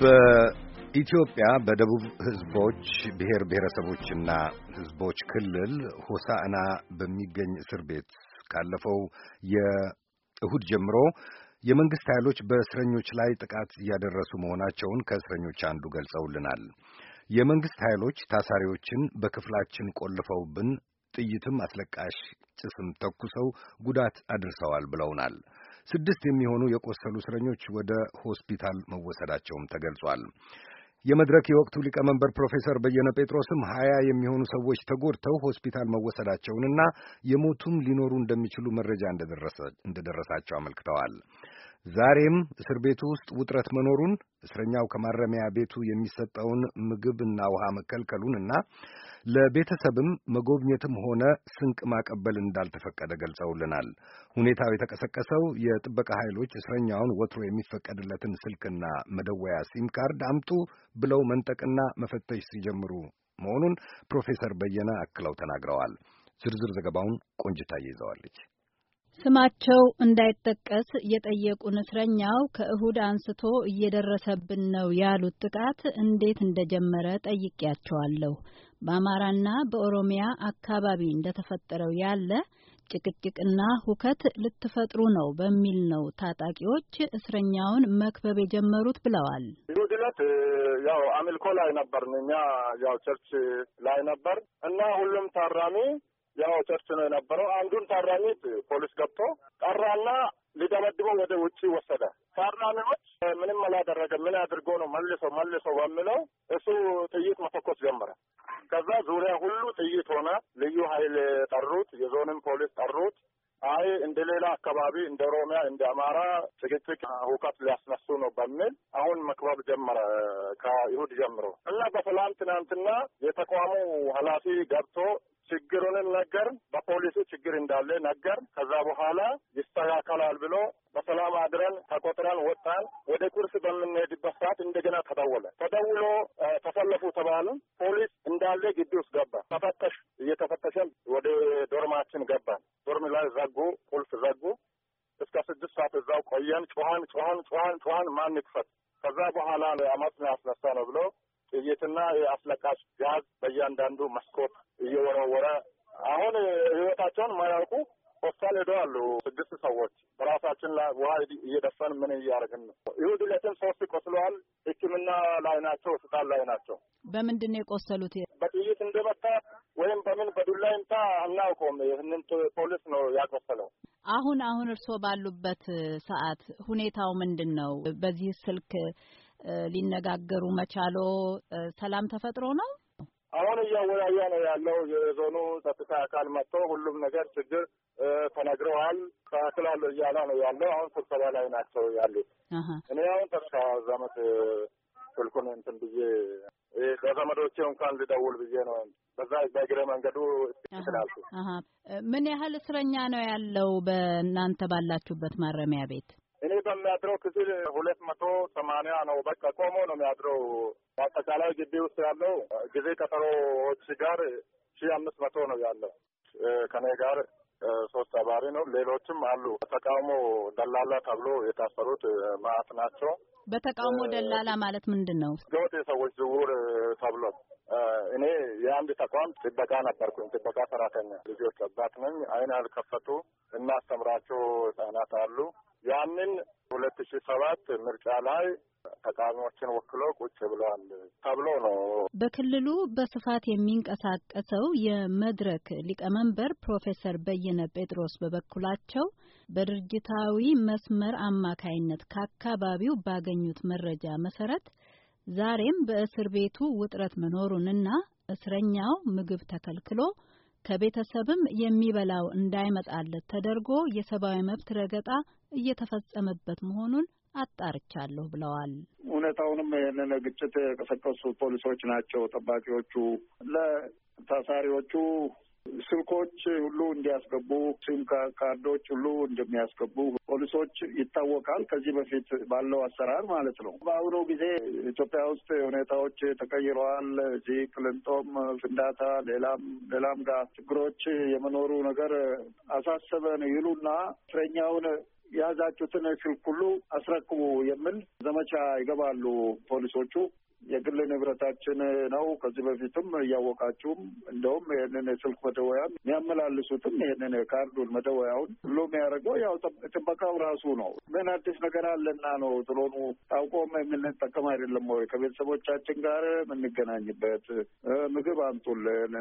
በኢትዮጵያ በደቡብ ህዝቦች ብሔር ብሔረሰቦችና ህዝቦች ክልል ሆሳዕና በሚገኝ እስር ቤት ካለፈው የእሁድ ጀምሮ የመንግስት ኃይሎች በእስረኞች ላይ ጥቃት እያደረሱ መሆናቸውን ከእስረኞች አንዱ ገልጸውልናል። የመንግስት ኃይሎች ታሳሪዎችን በክፍላችን ቆልፈውብን ጥይትም አስለቃሽ ጭስም ተኩሰው ጉዳት አድርሰዋል ብለውናል። ስድስት የሚሆኑ የቆሰሉ እስረኞች ወደ ሆስፒታል መወሰዳቸውም ተገልጿል። የመድረክ የወቅቱ ሊቀመንበር ፕሮፌሰር በየነ ጴጥሮስም ሀያ የሚሆኑ ሰዎች ተጎድተው ሆስፒታል መወሰዳቸውንና የሞቱም ሊኖሩ እንደሚችሉ መረጃ እንደደረሳቸው አመልክተዋል። ዛሬም እስር ቤቱ ውስጥ ውጥረት መኖሩን እስረኛው ከማረሚያ ቤቱ የሚሰጠውን ምግብ እና ውሃ እና ለቤተሰብም መጎብኘትም ሆነ ስንቅ ማቀበል እንዳልተፈቀደ ገልጸውልናል። ሁኔታው የተቀሰቀሰው የጥበቃ ኃይሎች እስረኛውን ወትሮ የሚፈቀድለትን ስልክና መደወያ ሲም ካርድ አምጡ ብለው መንጠቅና መፈተሽ ሲጀምሩ መሆኑን ፕሮፌሰር በየነ አክለው ተናግረዋል። ዝርዝር ዘገባውን ቆንጅታ ይዘዋለች። ስማቸው እንዳይጠቀስ የጠየቁን እስረኛው ከእሁድ አንስቶ እየደረሰብን ነው ያሉት ጥቃት እንዴት እንደጀመረ ጠይቄያቸዋለሁ። በአማራና በኦሮሚያ አካባቢ እንደተፈጠረው ያለ ጭቅጭቅና ሁከት ልትፈጥሩ ነው በሚል ነው ታጣቂዎች እስረኛውን መክበብ የጀመሩት ብለዋል። ይሁድ ዕለት ያው አሚልኮ ላይ ነበር፣ እኛ ያው ቸርች ላይ ነበር እና ሁሉም ታራሚ ያው ቸርች ነው የነበረው። አንዱን ታራሚ ፖሊስ ገብቶ ጠራና ሊደበድበው ወደ ውጭ ወሰደ። ታራሚዎች ምንም አላደረገ ምን አድርጎ ነው መልሶ መልሶ በሚለው እሱ ጥይት መተኮስ ጀመረ። ከዛ ዙሪያ ሁሉ ጥይት ሆነ። ልዩ ኃይል ጠሩት፣ የዞንም ፖሊስ ጠሩት። አይ እንደ ሌላ አካባቢ እንደ ኦሮሚያ እንደ አማራ ጭቅጭቅ ሁከት ሊያስነሱ ነው በሚል አሁን መክበብ ጀመረ ከይሁድ ጀምሮ እና በሰላም ትናንትና የተቋሙ ኃላፊ ገብቶ ችግሩን ነገር በፖሊሱ ችግር እንዳለ ነገር ከዛ በኋላ ይስተካከላል ብሎ በሰላም አድረን ተቆጥረን ወጣን። ወደ ቁርስ በምንሄድበት ሰዓት እንደገና ተደወለ። ተደውሎ ተሰለፉ ተባሉ። ፖሊስ እንዳለ ግቢ ውስጥ ገባ። ተፈተሽ እየተፈተሸን ወደ ዶርማችን ገባን። ዶርም ላይ ዘጉ፣ ቁልፍ ዘጉ። እስከ ስድስት ሰዓት እዛው ቆየን። ጩሀን ጩሀን ጩሀን ጩሀን ማን ይክፈት። ከዛ በኋላ አመፅ ያስነሳ ነው ብሎ ጥይትና የአስለቃሽ ጋዝ በእያንዳንዱ መስኮት እየወረወረ አሁን ህይወታቸውን ማያውቁ ሆስፒታል ሄደው አሉ ስድስት ሰዎች። በራሳችን ላይ ውሃ እየደፈን ምን እያደረግን ነው። ይሁድ ዕለትም ሶስት ቆስለዋል። ሕክምና ላይ ናቸው፣ ሆስፒታል ላይ ናቸው። በምንድን ነው የቆሰሉት? በጥይት እንደመታ ወይም በምን በዱላ ይምታ አናውቀውም። ይህንን ፖሊስ ነው ያቆሰለው። አሁን አሁን እርስዎ ባሉበት ሰዓት ሁኔታው ምንድን ነው? በዚህ ስልክ ሊነጋገሩ መቻሎ ሰላም ተፈጥሮ ነው። አሁን እያወያየ ነው ያለው። የዞኑ ጸጥታ አካል መጥቶ ሁሉም ነገር ችግር ተነግረዋል፣ ተካክላል እያለ ነው ያለው። አሁን ስብሰባ ላይ ናቸው ያሉት። እኔ አሁን ተካ ዘመት ስልኩን እንትን ብዬ ለዘመዶቼ እንኳን ልደውል ብዬ ነው በዛ በእግረ መንገዱ ስላልኩ። ምን ያህል እስረኛ ነው ያለው በእናንተ ባላችሁበት ማረሚያ ቤት? እዛ የሚያድረው ክፍል ሁለት መቶ ሰማንያ ነው። በቃ ቆሞ ነው የሚያድረው። አጠቃላይ ግቢ ውስጥ ያለው ጊዜ ቀጠሮዎች ጋር ሺ አምስት መቶ ነው ያለው። ከኔ ጋር ሶስት አባሪ ነው። ሌሎችም አሉ። ተቃውሞ ደላላ ተብሎ የታሰሩት ማአት ናቸው። በተቃውሞ ደላላ ማለት ምንድን ነው? ህገወጥ የሰዎች ዝውውር ተብሎ እኔ የአንድ ተቋም ጥበቃ ነበርኩኝ። ጥበቃ ሰራተኛ ልጆች አባት ነኝ። አይን አልከፈቱ እናስተምራቸው ህጻናት አሉ። ያንን ሁለት ሺ ሰባት ምርጫ ላይ ተቃዋሚዎችን ወክሎ ቁጭ ብለዋል ተብሎ ነው። በክልሉ በስፋት የሚንቀሳቀሰው የመድረክ ሊቀመንበር ፕሮፌሰር በየነ ጴጥሮስ በበኩላቸው በድርጅታዊ መስመር አማካይነት ከአካባቢው ባገኙት መረጃ መሰረት ዛሬም በእስር ቤቱ ውጥረት መኖሩንና እስረኛው ምግብ ተከልክሎ ከቤተሰብም የሚበላው እንዳይመጣለት ተደርጎ የሰብአዊ መብት ረገጣ እየተፈጸመበት መሆኑን አጣርቻለሁ ብለዋል። እውነታውንም ይህንን ግጭት የቀሰቀሱ ፖሊሶች ናቸው። ጠባቂዎቹ ለታሳሪዎቹ ስልኮች ሁሉ እንዲያስገቡ ሲም ካርዶች ሁሉ እንደሚያስገቡ ፖሊሶች ይታወቃል። ከዚህ በፊት ባለው አሰራር ማለት ነው። በአሁኑ ጊዜ ኢትዮጵያ ውስጥ ሁኔታዎች ተቀይረዋል። እዚህ ቅልንጦም ፍንዳታ፣ ሌላም ሌላም ጋር ችግሮች የመኖሩ ነገር አሳሰበን ይሉና እስረኛውን የያዛችሁትን ስልክ ሁሉ አስረክቡ የሚል ዘመቻ ይገባሉ ፖሊሶቹ። የግል ንብረታችን ነው። ከዚህ በፊትም እያወቃችሁም እንደውም ይህንን የስልክ መደወያ የሚያመላልሱትም ይህንን የካርዱን መደወያውን ሁሉ የሚያደርገው ያው ጥበቃው ራሱ ነው። ምን አዲስ ነገር አለና ነው ትሎኑ ታውቆም የምንጠቀም አይደለም ወይ? ከቤተሰቦቻችን ጋር የምንገናኝበት ምግብ አምጡልን፣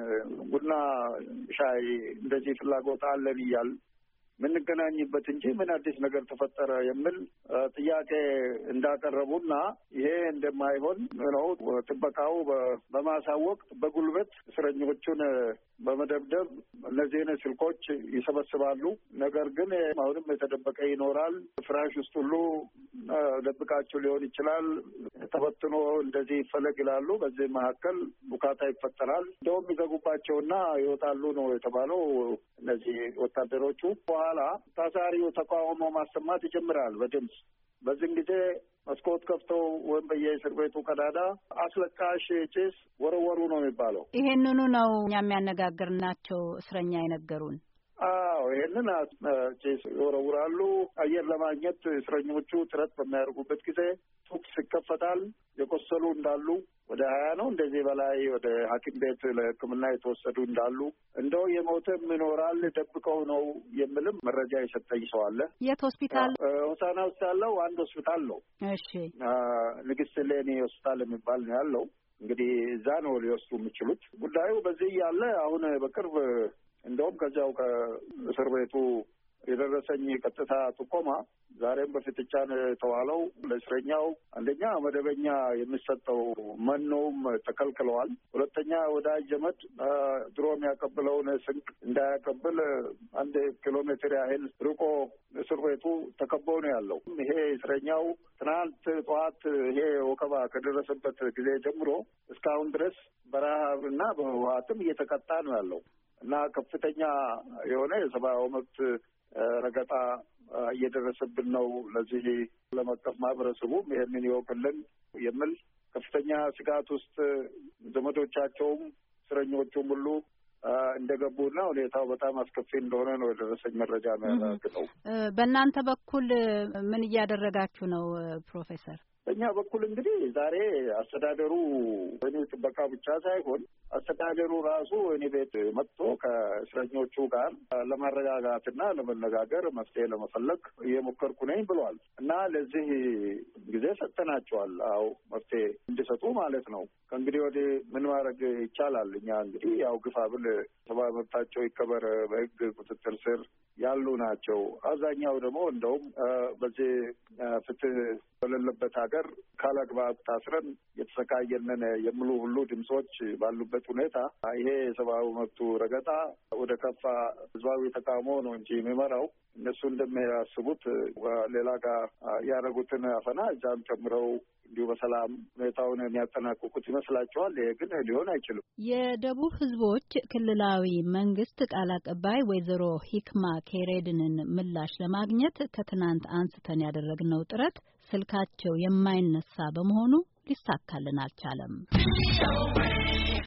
ቡና ሻይ እንደዚህ ፍላጎት አለን እያል የምንገናኝበት እንጂ ምን አዲስ ነገር ተፈጠረ የሚል ጥያቄ እንዳቀረቡና ይሄ እንደማይሆን ነው ጥበቃው በማሳወቅ በጉልበት እስረኞቹን በመደብደብ እነዚህን ስልኮች ይሰበስባሉ። ነገር ግን አሁንም የተደበቀ ይኖራል። ፍራሽ ውስጥ ሁሉ ደብቃችሁ ሊሆን ይችላል። ተበትኖ እንደዚህ ይፈለግ ይላሉ። በዚህ መካከል ቡካታ ይፈጠራል። እንደውም ይዘጉባቸውና ይወጣሉ ነው የተባለው። እነዚህ ወታደሮቹ በኋላ ታሳሪው ተቃውሞ ማሰማት ይጀምራል በድምፅ በዚህም ጊዜ መስኮት ከፍተው ወይም በየእስር ቤቱ ቀዳዳ አስለቃሽ ጭስ ወረወሩ ነው የሚባለው። ይሄንኑ ነው እኛ የሚያነጋግርናቸው እስረኛ የነገሩን። አዎ ይህንን ጭስ ይወረውራሉ። አየር ለማግኘት እስረኞቹ ጥረት በሚያደርጉበት ጊዜ ቱክስ ይከፈታል። የቆሰሉ እንዳሉ ወደ ሀያ ነው እንደዚህ በላይ ወደ ሐኪም ቤት ለሕክምና የተወሰዱ እንዳሉ እንደው የሞተም ይኖራል ደብቀው ነው የሚልም መረጃ የሰጠኝ ሰው አለ። የት ሆስፒታል? ሆሳና ውስጥ ያለው አንድ ሆስፒታል ነው። እሺ፣ ንግስት ሌኒ ሆስፒታል የሚባል ነው ያለው። እንግዲህ እዛ ነው ሊወስዱ የሚችሉት። ጉዳዩ በዚህ እያለ አሁን በቅርብ እንደውም ከዚያው ከእስር ቤቱ የደረሰኝ ቀጥታ ጥቆማ ዛሬም በፍጥጫ ነው የተዋለው። ለእስረኛው አንደኛ መደበኛ የሚሰጠው መኖውም ተከልክለዋል። ሁለተኛ ወዳጅ ዘመድ ድሮ የሚያቀብለውን ስንቅ እንዳያቀብል አንድ ኪሎ ሜትር ያህል ርቆ እስር ቤቱ ተከበው ነው ያለው። ይሄ እስረኛው ትናንት ጠዋት ይሄ ወከባ ከደረሰበት ጊዜ ጀምሮ እስካሁን ድረስ በረሃብና በህወሀትም እየተቀጣ ነው ያለው። እና ከፍተኛ የሆነ የሰብአዊ መብት ረገጣ እየደረሰብን ነው። ለዚህ ዓለም አቀፍ ማህበረሰቡም ይህንን ይወቅልን የሚል ከፍተኛ ስጋት ውስጥ ዘመዶቻቸውም እስረኞቹም ሁሉ እንደገቡና ሁኔታው በጣም አስከፊ እንደሆነ ነው የደረሰኝ መረጃ ነው ያረጋግጠው። በእናንተ በኩል ምን እያደረጋችሁ ነው ፕሮፌሰር? በእኛ በኩል እንግዲህ ዛሬ አስተዳደሩ እኔ ጥበቃ ብቻ ሳይሆን አስተዳደሩ ራሱ እኔ ቤት መጥቶ ከእስረኞቹ ጋር ለማረጋጋትና ለመነጋገር መፍትሄ ለመፈለግ እየሞከርኩ ነኝ ብሏል እና ለዚህ ጊዜ ሰጥተናቸዋል። አዎ መፍትሄ እንዲሰጡ ማለት ነው። ከእንግዲህ ወዲህ ምን ማድረግ ይቻላል? እኛ እንግዲህ ያው ግፋ ብል ሰብአዊ መብታቸው ይከበር በህግ ቁጥጥር ስር ያሉ ናቸው። አብዛኛው ደግሞ እንደውም በዚህ ፍትህ በሌለበት ሀገር ካላግባብ ታስረን የተሰቃየንን የሚሉ ሁሉ ድምጾች ባሉበት ሁኔታ ይሄ የሰብአዊ መብቱ ረገጣ ወደ ከፋ ህዝባዊ ተቃውሞ ነው እንጂ የሚመራው እነሱ እንደሚያስቡት ሌላ ጋር ያደረጉትን አፈና እዛም ጨምረው እንዲሁ በሰላም ሁኔታውን የሚያጠናቅቁት ይመስላቸዋል። ይሄ ግን ሊሆን አይችልም። የደቡብ ህዝቦች ክልላዊ መንግስት ቃል አቀባይ ወይዘሮ ሂክማ ኬሬድንን ምላሽ ለማግኘት ከትናንት አንስተን ያደረግነው ጥረት ስልካቸው የማይነሳ በመሆኑ ሊሳካልን አልቻለም።